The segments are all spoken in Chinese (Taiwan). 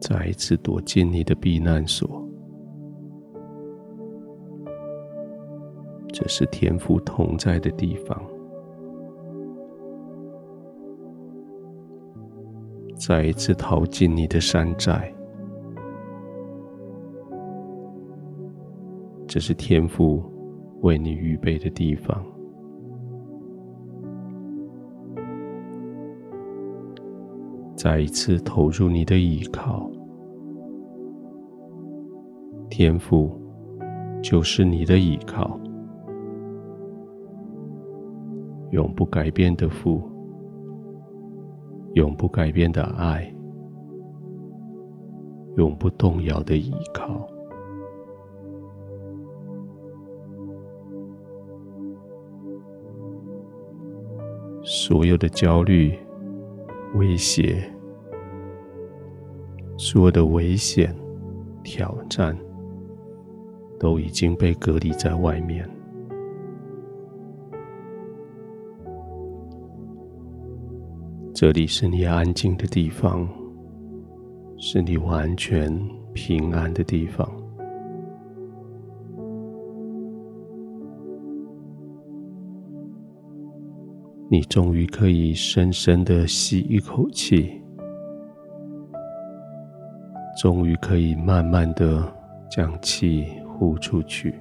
再一次躲進你的避難所，這是天父同在的地方，再一次逃進你的山寨，這是天父為你預備的地方。再一次投入你的倚靠，天父就是你的倚靠，永不改變的父，永不改變的愛，永不動搖的倚靠，所有的焦慮、威脅。所有的危險、挑戰，都已經被隔離在外面。這裡是你安靜的地方，是你完全平安的地方。你終於可以深深的吸一口氣。終於可以慢慢地將氣呼出去。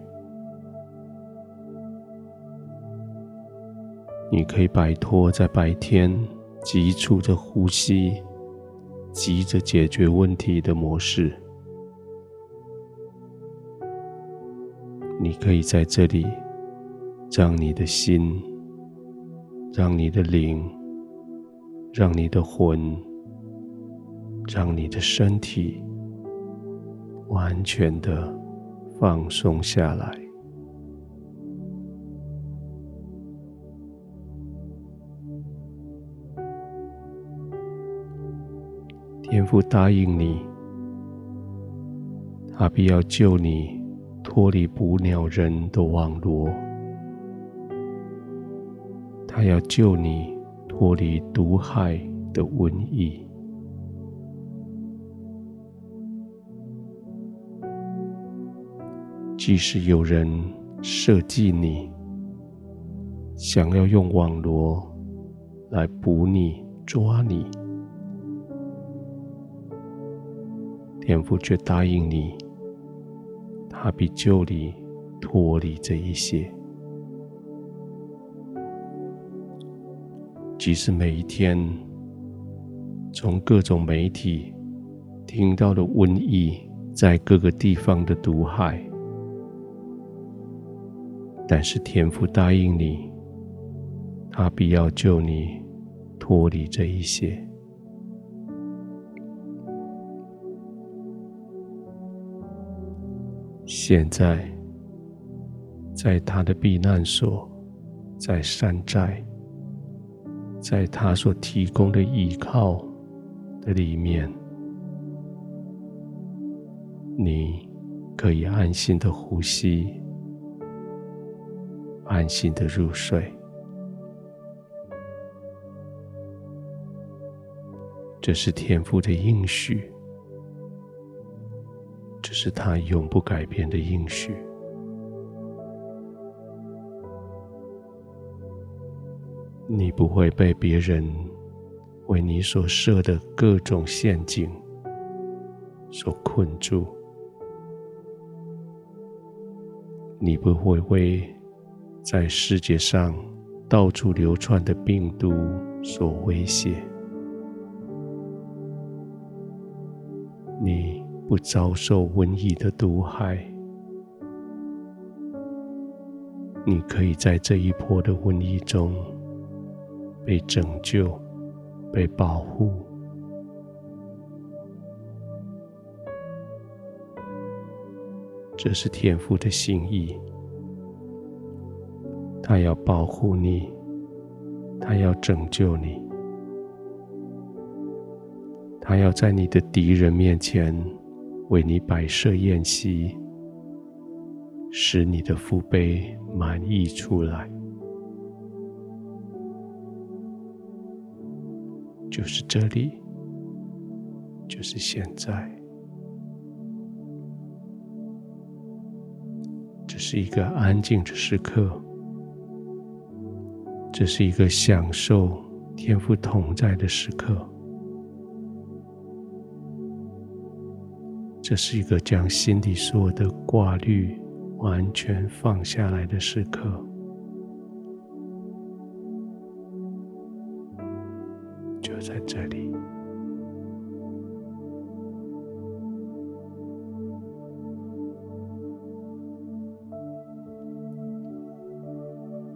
你可以擺脫在白天急促的呼吸、急着解決問題的模式。你可以在這裡，讓你的心、讓你的靈、讓你的魂，讓你的身體完全的放鬆下來。天父答應你，他必要救你脫離捕鳥人的網羅。他要救你脫離毒害的瘟疫。即使有人設計你，想要用網羅來捕你、抓你，天父卻答應你，他必救你脫離這一些。即使每一天從各種媒體聽到的瘟疫在各個地方的毒害。但是天父答應你，他必要救你脫離這一些。現在，在他的避難所，在山寨，在他所提供的依靠的裡面，你可以安心的呼吸。安心的入睡，這是天父的應許，這是他永不改變的應許。你不會被別人為你所設的各種陷阱所困住，你不會為，在世界上到處流竄的病毒所威脅，你不遭受瘟疫的毒害，你可以在這一波的瘟疫中被拯救、被保護。這是天父的心意。他要保護你，他要拯救你，他要在你的敵人面前為你擺設宴席，使你的福杯滿溢出來。就是這裡，就是現在，這是一個安靜的時刻。這是一個享受天父同在的時刻。這是一個將心底所有的掛慮完全放下來的時刻，就在這裡。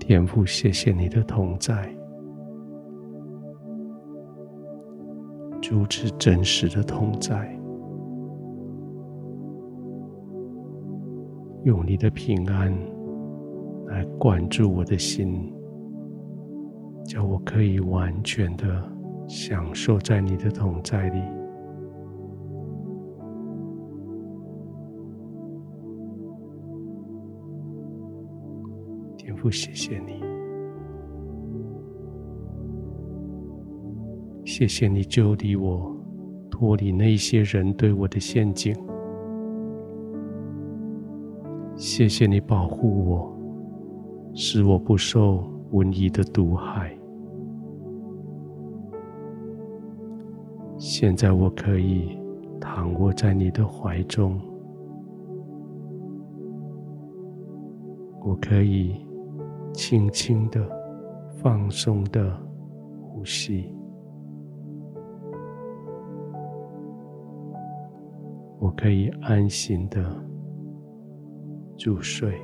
天父，謝謝你的同在，如此真實的同在，用你的平安來灌注我的心，叫我可以完全的享受在你的同在裡。天父，謝謝你，謝謝你救了我，脫離那些人對我的陷阱，謝謝你保護我，使我不受瘟疫的毒害。現在我可以躺臥在你的懷中，我可以。輕輕的、放鬆的呼吸，我可以安心的入睡。